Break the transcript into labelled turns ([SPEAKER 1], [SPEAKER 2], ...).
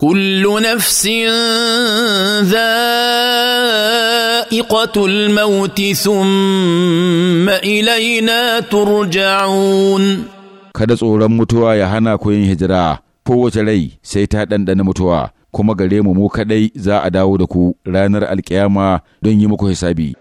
[SPEAKER 1] كل نفس ذائقه الموت ثم الينا ترجعون
[SPEAKER 2] kada tsoron mutuwa ya hana ku yin hijira kowace rai sai ta ɗanɗana
[SPEAKER 3] mutuwa kuma gare mu mu kaɗai za a dawo da ku ranar alkiyama don yi muku hisabi